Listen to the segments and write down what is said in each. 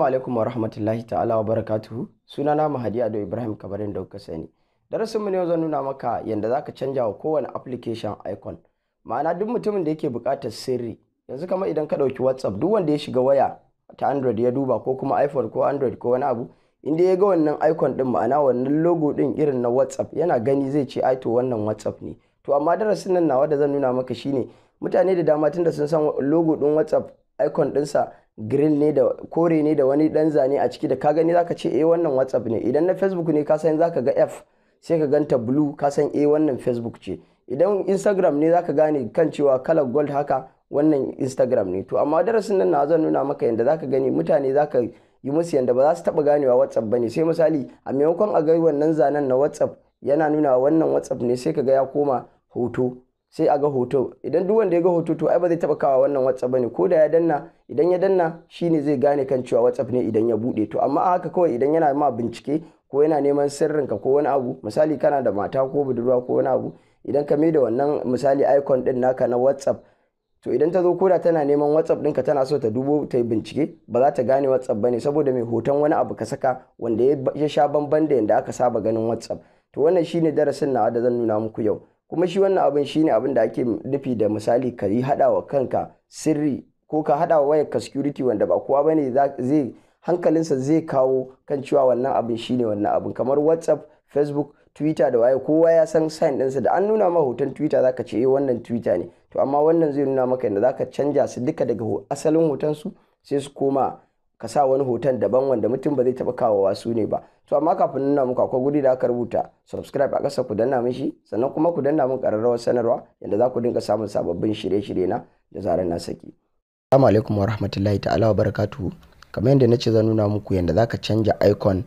Assalamu alaikum wa rahmatullahi ta'ala wa barakatuhu sunana Mahadi Ado Ibrahim kabarin da kuka sani mu ne zan nuna maka yanda zaka canja wa kowane application icon ma'ana duk mutumin da yake buƙatar sirri yanzu kamar idan ka ɗauki WhatsApp duk wanda ya shiga waya ta Android ya duba ko kuma iPhone ko Android ko wani abu inda ya ga wannan icon din ma'ana wannan logo din irin na WhatsApp yana gani zai ce ai to wannan WhatsApp ne to amma darasin nan nawa da zan nuna maka shine mutane da dama tunda sun san logo din WhatsApp icon dinsa green ne da kore ne da wani dan zane a ciki da ka gani zaka ce eh wannan whatsapp ne idan na facebook ne ka san zaka ga f sai ka ganta blue ka san eh wannan facebook ce idan instagram ne zaka gane kan cewa kalar gold haka wannan instagram ne to amma darasin nan na zan nuna maka yadda zaka gani mutane zaka yi musu yadda ba za su taba ganewa whatsapp bane sai misali a maimakon a ga wannan zanen na whatsapp yana nuna wannan whatsapp ne sai ka ga ya koma hoto sai a ga hoto idan duk wanda ya ga hoto to ai ba zai taba kawo wannan whatsapp bane ko da ya danna idan ya danna shine zai gane kan cewa whatsapp ne idan ya bude to amma haka kawai idan yana ma bincike ko yana neman sirrin ka ko wani abu misali kana da mata ko budurwa ko wani abu idan ka da wannan misali icon din naka na whatsapp to idan ta zo koda tana neman whatsapp ɗinka tana so ta dubo ta yi bincike ba za ta gane whatsapp bane saboda mai hoton wani abu ka saka wanda ya sha bamban da yadda aka saba ganin whatsapp to wannan shine darasin nawa da zan nuna muku yau kuma shi wannan abin shine abin da ake nufi da misali ka yi hada wa kanka sirri ko ka hada wa wayarka security wanda ba kowa bane zai hankalinsa zai kawo kan cewa wannan abin shine wannan abin kamar whatsapp facebook twitter da waye kowa ya san sign ɗinsa da an nuna ma hoton twitter zaka ce eh wannan twitter ne to amma wannan zai nuna maka yadda zaka canja su duka daga asalin hoton su sai su koma ka sa wani hoton daban wanda mutum ba zai taba kawowa su ne ba to amma kafin nuna muku akwai guri da aka rubuta subscribe a ƙasa ku danna mishi shi sannan kuma ku danna mun ƙararrawar sanarwa yadda za ku dinga samun sababbin shirye-shirye na da zarar na saki assalamu alaikum wa rahmatullahi ta'ala wa barakatuhu kamar yadda nace zan nuna muku yadda zaka canja icon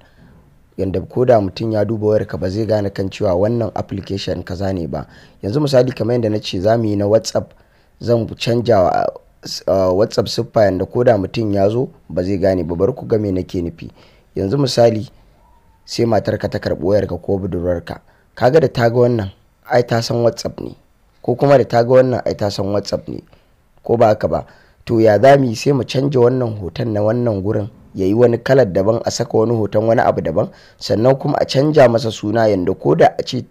yadda ko da mutum ya duba wayarka ba zai gane kan cewa wannan application kaza ne ba yanzu misali kamar yadda nace zamu yi na whatsapp zan canja uh, whatsapp siffa yadda koda da mutum ya zo ba zai gane ba bar ku ga me nake nufi yanzu misali sai matarka ta karɓi wayarka ko budurwarka kaga da ta ga wannan ai ta san whatsapp ne ko kuma da ta ga wannan ai ta san whatsapp ne ko ba haka ba to ya za mu yi sai mu canja wannan hoton na wannan gurin ya yi wani kalar daban a saka wani hoton wani abu daban sannan kuma a canja masa suna yanda ko da a ce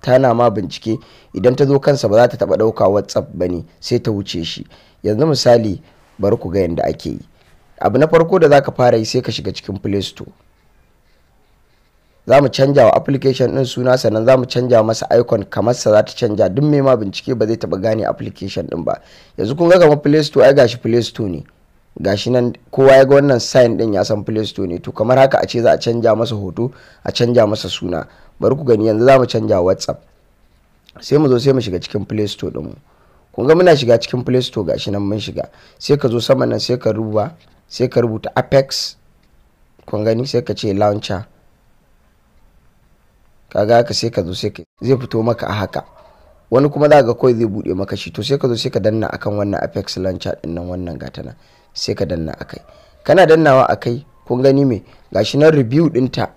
tana ma bincike idan ta zo kansa ba za ta taba ɗauka whatsapp ba ne sai ta wuce shi yanzu misali bari ku ga yadda ake yi abu na farko da za ka fara yi sai ka shiga cikin play store za mu canja wa application din suna sannan za mu canja masa icon kamar sa za ta canja duk mai ma bincike ba zai taba gane application din ba yanzu kun ga kamar play store ai gashi play store ne gashi nan kowa ya ga wannan sign din ya san play store ne to kamar haka a ce za a canja masa hoto a canja masa suna bari ku gani yanzu za mu canja whatsapp sai mu zo sai mu shiga cikin play store din mu kun ga muna shiga cikin play store gashi nan mun shiga sai ka zo sama nan sai ka rubuta sai ka rubuta apex kun gani sai ka ce launcher kaga haka sai ka zo sai ka zai fito maka a haka wani kuma za ga kawai zai bude maka shi to sai ka zo sai ka danna akan wannan apex launcher din nan wannan gatana sai ka danna akai kana dannawa akai kun gani me gashi nan review dinta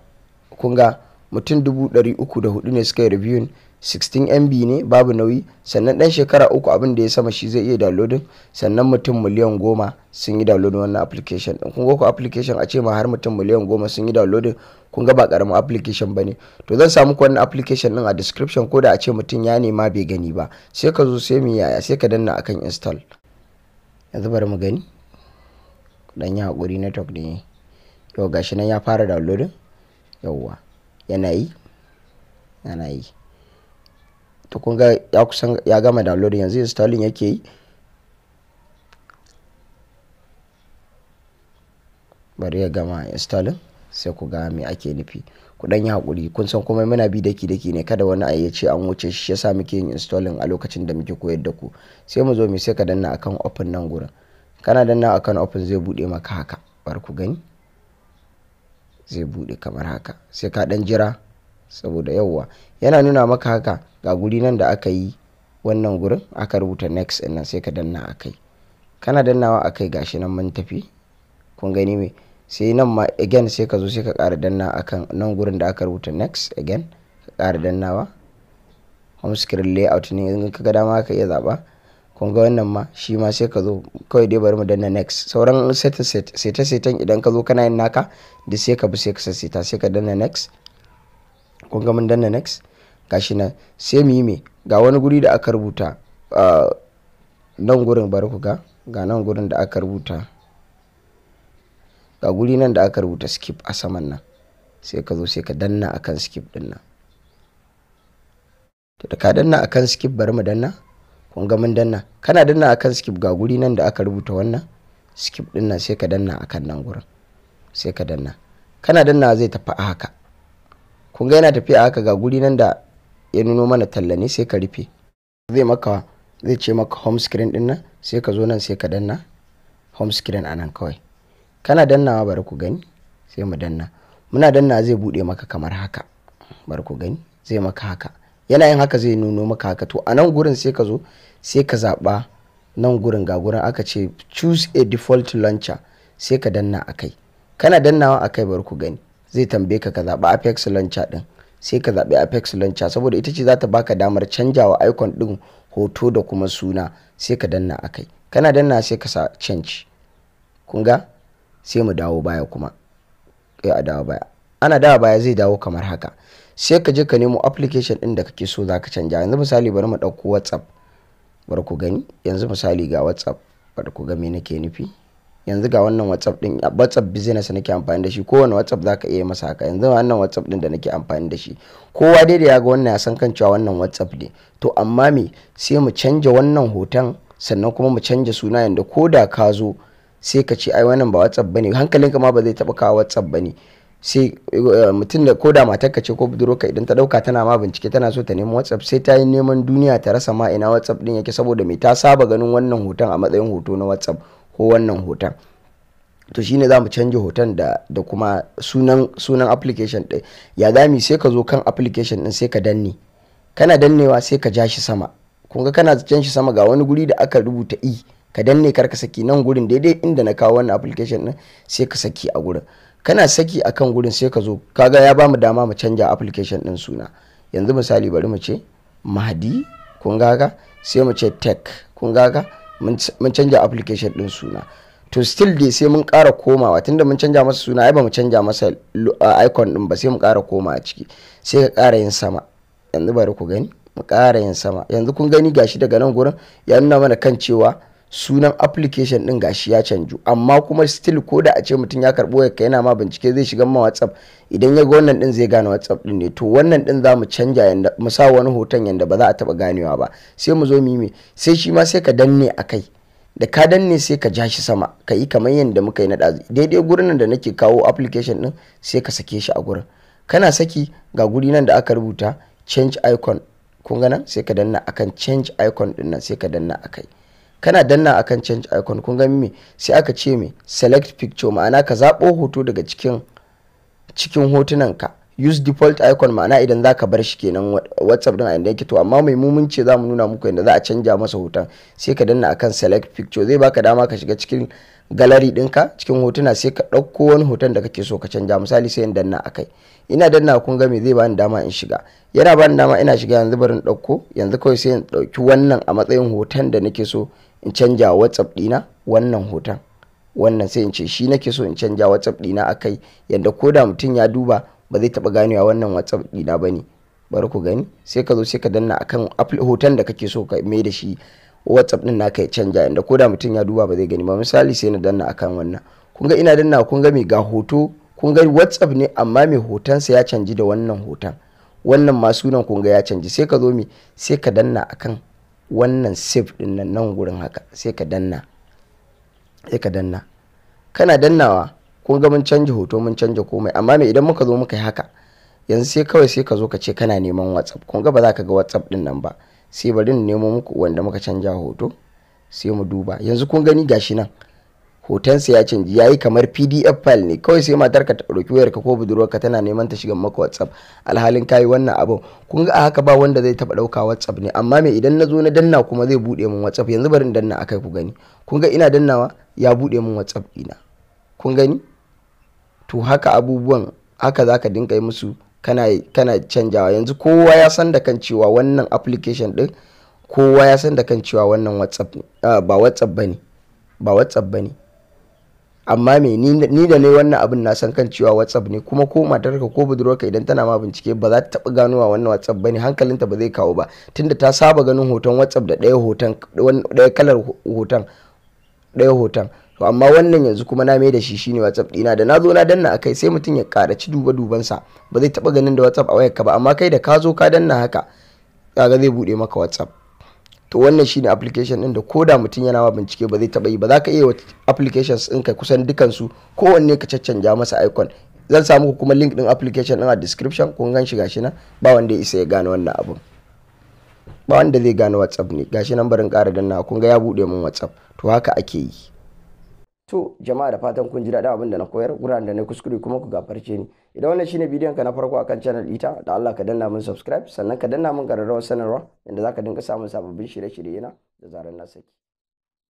kun ga mutum dubu ɗari uku da hudu ne suka yi reviewing 16 mb ne babu nauyi sannan dan shekara uku abin da ya sama shi zai iya downloading sannan mutum miliyan goma sun yi downloading wannan application din kun ga ku application a ce ma har mutum miliyan goma sun yi downloading kun ga ba karamin application bane to zan samu ku wannan application din a description ko da a ce mutum ya nema bai gani ba sai ka zo sai mu yaya sai ka danna akan install yanzu bari mu gani dan ya hakuri network ne yau gashi nan ya fara downloading yauwa yana yi yana yi to kun ga ya kusan ya gama download yanzu installing yake yi bari ya gama installing sai ku ga me ake nufi ku dan hakuri kun san kuma muna bi daki daki ne kada wani ayi ya ce an wuce shi yasa muke yin installing a lokacin da muke koyar da ku sai mu zo mu sai ka danna akan open nan gurin kana danna akan open zai bude maka haka bar ku gani zai bude kamar haka sai ka dan jira saboda yauwa yana nuna maka haka ga guri nan da aka yi wannan gurin aka rubuta next ɗin nan sai ka danna a kai kana dannawa a kai gashi nan mun tafi kun gani me sai nan ma again sai ka zo sai ka ƙara danna akan nan gurin da aka rubuta next again ka ƙara dannawa home screen layout ne in ka ga dama ka iya zaba kun ga wannan ma shi ma sai ka zo kawai dai bari mu danna next sauran seta setan idan ka zo kana yin naka duk sai ka bi sai ka sasseta sai ka danna next kun ga mun danna next gashi nan sai mu yi me ga wani guri da aka rubuta nan gurin bari ku ga ga nan gurin da aka rubuta ga guri nan da aka rubuta skip a saman nan sai ka zo sai ka danna akan skip din nan to da ka danna akan skip bari mu danna kun ga mun danna kana danna akan skip ga guri nan da aka rubuta wannan skip din nan sai ka danna akan nan gurin sai ka danna kana danna zai tafi a haka kun ga yana tafiya haka ga guri nan da ya nuno mana talla ne sai ka rufe zai maka zai ce maka home screen din nan sai ka zo nan sai ka danna home screen anan kawai kana dannawa bari ku gani sai mu danna muna danna zai bude maka kamar haka bari ku gani zai maka haka yana yin haka zai nuno maka haka to a nan gurin sai ka zo sai ka zaɓa nan gurin ga gurin aka ce choose a default launcher sai ka danna akai kana dannawa akai bari ku gani zai tambaye ka ka zaɓi apex launcher ɗin sai ka zaɓi apex launcher saboda ita ce za ta baka damar canjawa icon ɗin hoto da kuma suna sai ka danna akai kana danna sai ka sa change kun ga sai mu dawo baya kuma eh, a dawo baya ana dawo baya zai dawo kamar haka sai ka je ka nemo application ɗin da kake so za ka canja yanzu misali bari mu ɗauko whatsapp bari ku gani yanzu misali ga whatsapp bari ku ga me nake nufi yanzu ga wannan whatsapp din whatsapp business nake amfani da shi kowane whatsapp za ka iya masa haka yanzu wannan whatsapp din da nake amfani da shi kowa dai da ya ga wannan ya san kan cewa wannan whatsapp ne to amma me sai mu canja wannan hoton sannan kuma mu canja suna yanda ko da ka zo sai ka ce ai wannan ba whatsapp bane hankalinka ma ba zai taba kawo whatsapp bane sai eh, mutum da ko da ka ce ko ka idan ta dauka tana ma bincike tana so ta nemi whatsapp sai ta yi neman duniya ta rasa ma ina whatsapp din yake saboda me ta saba ganin wannan hoton a matsayin hoto na whatsapp ko wannan hoton to shine za mu canja hoton da kuma sunan sunan application din ya zami sai ka zo kan application ɗin sai ka danne kana dannewa sai ka ja shi sama kun kana jan shi sama ga wani guri da aka rubuta i e, ka danne kar ka saki nan gurin daidai inda na kawo wannan application ɗin sai ka saki a gurin kana saki a kan gurin sai ka zo kaga ya bamu dama mu canja application ɗin suna yanzu misali bari mu ce mahadi kun gaga sai mu ce tech kun gaga mun canja application din suna to still dai sai mun kara komawa tunda mun canja masa suna ai ba mu canja masa icon din ba sai mu kara koma a ciki sai ka ƙara yin sama yanzu bari ku gani mu ƙara yin sama yanzu kun gani gashi daga nan gurin ya nuna mana kan cewa sunan application din gashi ya canju amma kuma still ko da a ce mutum ya karbo ya yana ma bincike zai shiga ma whatsapp idan ya ga wannan din zai gane whatsapp din ne to wannan din za mu canja yanda mu sa wani hoton yanda ba za a taba ganewa ba sai mu zo mimi sai shi ma sai ka danne akai da ka danne sai ka ja shi sama ka yi kamar yanda muka yi na ɗazu daidai gurin da nake kawo application din sai ka sake shi a gurin kana saki ga guri nan da aka rubuta change icon kun nan sai ka danna akan change icon din nan sai ka danna akai kana danna akan change icon kun ga me sai aka ce me select picture ma'ana ka zabo hoto daga cikin cikin hotunan ka use default icon ma'ana idan za ka bar shi kenan whatsapp din a inda yake to amma mai mumunci za mu nuna muku yanda za a canja masa hoton sai ka danna akan select picture zai baka dama ka shiga cikin gallery dinka cikin hotuna sai ka ɗauko wani hoton da kake so ka canja misali sai in danna akai ina danna kun ga me zai bani dama in shiga yana bani dama ina shiga yanzu barin ɗauko yanzu kawai sai in ɗauki wannan a matsayin hoton da nake so in canja whatsapp dina wannan hoton wannan sai in ce shi nake so in canja whatsapp dina akai yanda ko da mutum ya duba ba zai taba ganewa wannan whatsapp dina bane bari ku gani sai ka zo sai ka danna akan hoton da kake so ka mai da shi whatsapp din naka ya canja yadda ko da mutum ya duba ba zai gani ba misali sai na danna akan wannan kun ga ina danna kun ga mai ga hoto kun ga whatsapp ne amma mai hotonsa ya canji da wannan hoton wannan ma sunan kun ga ya canji sai ka zo mi sai ka danna akan wannan save din nan nan gurin haka sai ka danna sai ka danna kana dannawa kun ga mun canja hoto mun canja komai amma me idan muka zo muka yi haka yanzu sai kawai sai ka zo ka ce kana neman whatsapp kun ga ba za ka ga whatsapp din nan ba sai bari in nemo muku wanda muka canja hoto sai mu duba yanzu kun gani gashi nan hotonsa ya canji ya yi kamar pdf file ne kawai sai matar ka wayar ka ko budurwarka tana neman ta shiga maka whatsapp alhalin kayi wannan abu kun ga a haka ba wanda zai taba ɗauka whatsapp ne amma me idan na zo na danna kuma zai buɗe min whatsapp yanzu bari in danna akai ku gani kun ga ina dannawa ya buɗe min whatsapp dina kun gani to haka abubuwan haka zaka dinka yi musu kana kana canjawa yanzu kowa ya san da kan cewa wannan application din kowa ya san da kan cewa wannan whatsapp ah, ba whatsapp bane ba whatsapp bane amma me ni da ne wannan abin na san kan cewa whatsapp ne kuma ko matarka ko budurwarka idan tana ma bincike ba za ta taba ganowa wannan whatsapp bane hankalinta ba zai kawo ba tunda ta saba ganin hoton whatsapp da ɗaya hoton ɗaya kalar hoton ɗaya hoton to amma wannan yanzu kuma na mai shi shine whatsapp dina da na zo na danna akai sai mutum ya karaci duba dubansa ba zai taba ganin da whatsapp a wayarka ba amma kai da ka zo ka danna haka kaga zai bude maka whatsapp to wannan shine application din da koda mutum yana ma bincike ba zai taba yi ba za ka iya applications ɗinka kusan dukansu kowanne ka caccanja masa icon zan samu kuma link din application din a description kun gan shi gashi nan ba wanda ya isa ya gane wannan abun ba wanda zai gane whatsapp ne gashi nan barin ƙara danna kun ga ya buɗe min whatsapp to haka ake yi to jama'a da fatan kun ji daɗin abin da na koyar wuraren da na kuskure kuma ku gafarce ni idan wannan shine bidiyon ka na farko akan channel ita da Allah ka danna mun subscribe sannan ka danna mun ƙararrawar sanarwa inda zaka dinga samun sababbin shirye-shirye na da zarar na saki